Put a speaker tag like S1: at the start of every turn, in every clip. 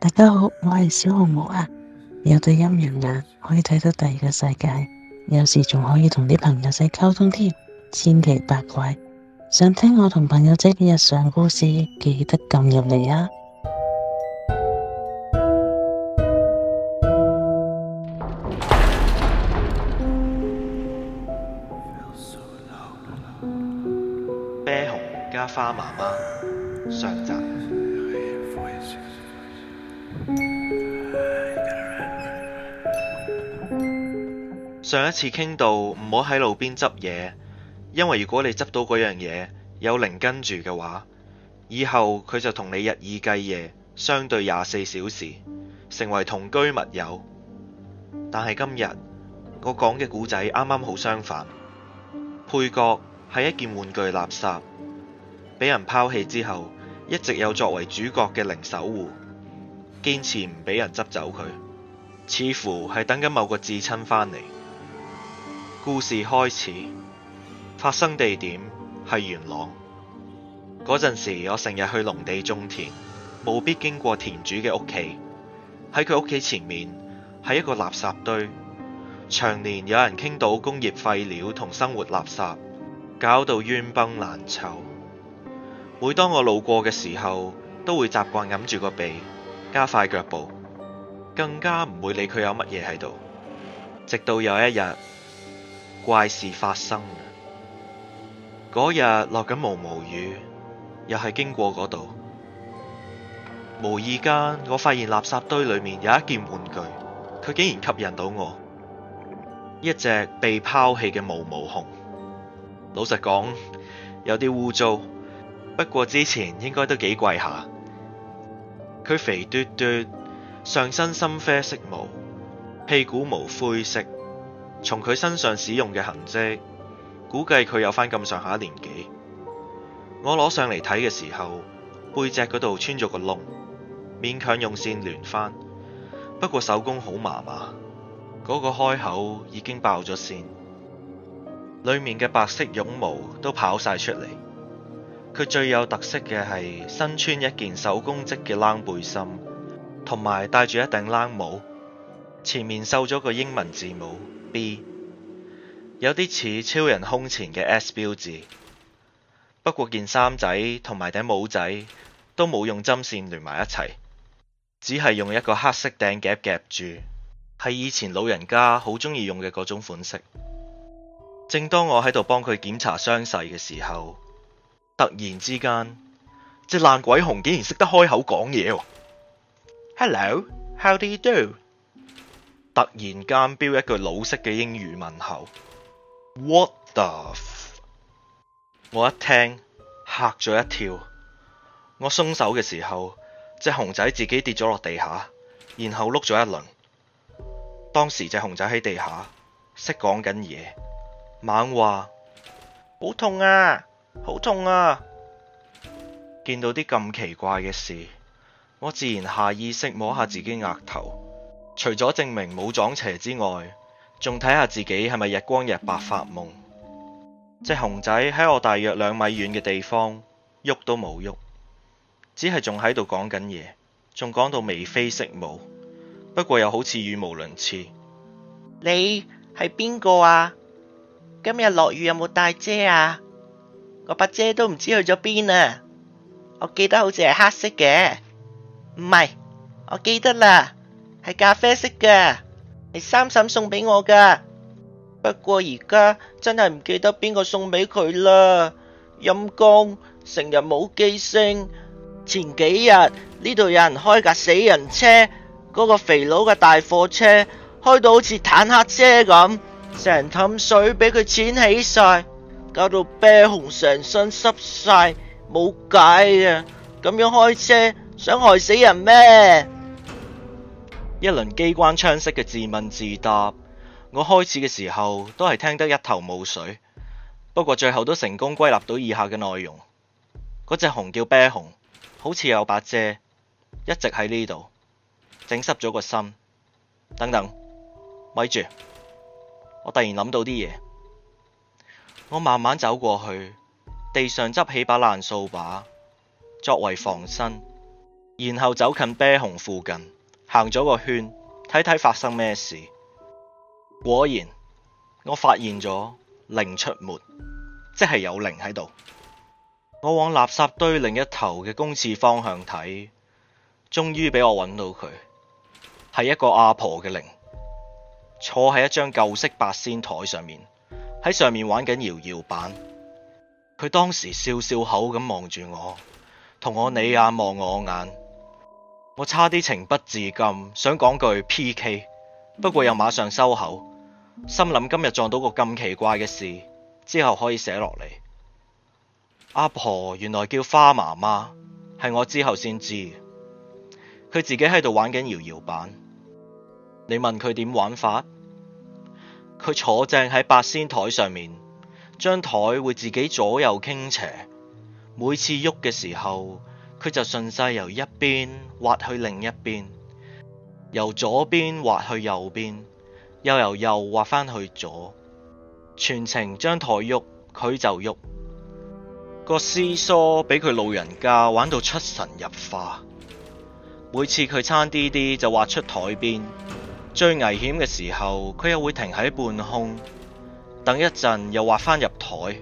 S1: 大家好，我係小紅帽啊，有對陰陽眼可以睇到第二個世界，有時仲可以同啲朋友仔溝通添，千奇百怪。想聽我同朋友仔嘅日常故事，記得撳入嚟啊
S2: ！bear 熊加花媽媽上集。上一次傾到唔好喺路邊執嘢，因為如果你執到嗰樣嘢，有靈跟住嘅話，以後佢就同你日以繼夜，相對廿四小時，成為同居密友。但係今日，我講嘅古仔啱啱好相反，配角係一件玩具垃圾，俾人拋棄之後，一直有作為主角嘅靈守護。堅持唔俾人執走佢，似乎係等緊某個至親返嚟。故事開始，發生地點係元朗。嗰陣時，我成日去農地種田，務必經過田主嘅屋企。喺佢屋企前面，係一個垃圾堆，長年有人傾倒工業廢料同生活垃圾，搞到冤崩爛臭。每當我路過嘅時候，都會習慣揞住個鼻。加快腳步，更加唔會理佢有乜嘢喺度。直到有一日，怪事發生。嗰日落緊毛毛雨，又係經過嗰度，無意間我發現垃圾堆裡面有一件玩具，佢竟然吸引到我。一隻被拋棄嘅毛毛熊。老實講，有啲污糟，不過之前應該都幾貴下。佢肥嘟嘟，上身深啡色毛，屁股毛灰色。從佢身上使用嘅痕跡，估計佢有翻咁上下年紀。我攞上嚟睇嘅時候，背脊嗰度穿咗個窿，勉強用線聯翻，不過手工好麻麻。嗰個開口已經爆咗線，裏面嘅白色絨毛都跑晒出嚟。佢最有特色嘅係身穿一件手工織嘅冷背心，同埋戴住一頂冷帽，前面繡咗個英文字母 B，有啲似超人胸前嘅 S 標誌。不過件衫仔同埋頂帽仔都冇用針線連埋一齊，只係用一個黑色頂夾夾住，係以前老人家好中意用嘅嗰種款式。正當我喺度幫佢檢查傷勢嘅時候。突然之間，隻爛鬼熊竟然識得開口講嘢喎！Hello, how do you do？突然間標一句老式嘅英語問候。What the F？我一聽嚇咗一跳。我鬆手嘅時候，隻熊仔自己跌咗落地下，然後碌咗一輪。當時隻熊仔喺地下識講緊嘢，猛話：好痛啊！好痛啊！見到啲咁奇怪嘅事，我自然下意識摸下自己額頭，除咗證明冇撞邪之外，仲睇下自己係咪日光日白發夢。隻、嗯、熊仔喺我大約兩米遠嘅地方，喐都冇喐，只係仲喺度講緊嘢，仲講到眉飛色舞，不過又好似語無倫次。
S1: 你係邊個啊？今日落雨有冇帶遮啊？我把遮都唔知去咗邊啊！我記得好似係黑色嘅，唔係，我記得啦，係咖啡色嘅，係三嬸送俾我噶。不過而家真係唔記得邊個送俾佢啦，陰公，成日冇記性。前幾日呢度有人開架死人車，嗰個肥佬嘅大貨車開到好似坦克車咁，成凼水俾佢濺起晒。搞到啤熊成身濕晒，冇解啊！咁樣開車，想害死人咩？一輪機關槍式嘅自
S2: 問自答，我開始嘅時候都係聽得一頭霧水，不過最後都成功歸納到以下嘅內容：嗰隻熊叫啤熊，好似有把遮，一直喺呢度，整濕咗個心。等等，咪住，我突然諗到啲嘢。我慢慢走過去，地上執起把爛掃把作為防身，然後走近 Bear 熊附近，行咗個圈，睇睇發生咩事。果然，我發現咗靈出沒，即係有靈喺度。我往垃圾堆另一頭嘅公廁方向睇，終於俾我揾到佢，係一個阿婆嘅靈，坐喺一張舊式八仙台上面。喺上面玩緊搖搖板，佢當時笑笑口咁望住我，同我你眼望我眼，我差啲情不自禁想講句 PK，不過又馬上收口，心諗今日撞到個咁奇怪嘅事，之後可以寫落嚟。阿婆原來叫花媽媽，係我之後先知，佢自己喺度玩緊搖搖板，你問佢點玩法？佢坐正喺八仙台上面，張台會自己左右傾斜。每次喐嘅時候，佢就順勢由一邊滑去另一邊，由左邊滑去右邊，又由右滑翻去左，全程張台喐，佢就喐。個 seesaw 俾佢老人家玩到出神入化，每次佢差啲啲就滑出台邊。最危險嘅時候，佢又會停喺半空，等一陣又滑返入枱。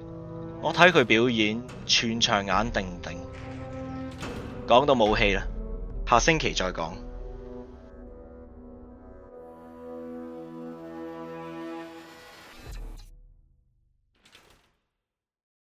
S2: 我睇佢表演，全場眼定定。講到冇氣啦，下星期再講。